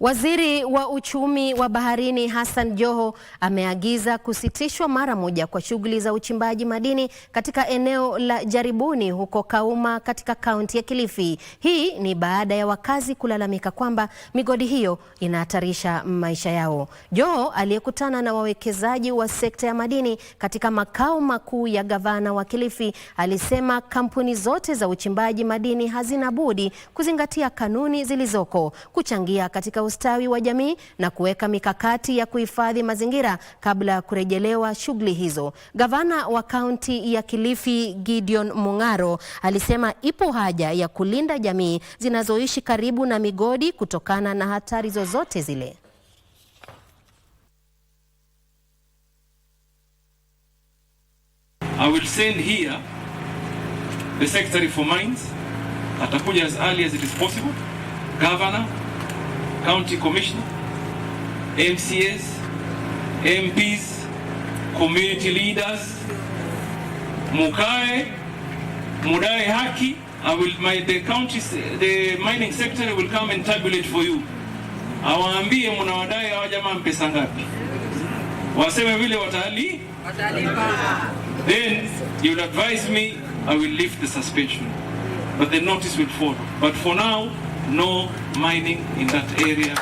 Waziri wa uchumi wa baharini Hassan Joho ameagiza kusitishwa mara moja kwa shughuli za uchimbaji madini katika eneo la Jaribuni huko Kauma katika kaunti ya Kilifi. Hii ni baada ya wakazi kulalamika kwamba migodi hiyo inahatarisha maisha yao. Joho aliyekutana na wawekezaji wa sekta ya madini katika makao makuu ya gavana wa Kilifi alisema kampuni zote za uchimbaji madini hazina budi kuzingatia kanuni zilizoko, kuchangia katika ustawi wa jamii na kuweka mikakati ya kuhifadhi mazingira kabla ya kurejelewa shughuli hizo. Gavana wa kaunti ya Kilifi Gideon Mung'aro alisema ipo haja ya kulinda jamii zinazoishi karibu na migodi kutokana na hatari zozote zile. I will send here the Secretary for Mines atakuja as early as it is possible, Governor county commissioner, MCS, MPs, community leaders, mukae mudae haki. I will my, the county the mining secretary will come and tabulate for you. Awaambie munawadai hawa jamaa mpesa ngapi, waseme vile watali watalipa. Then you'll advise me, I will lift the suspension but the notice will follow. But for now no mining in that area.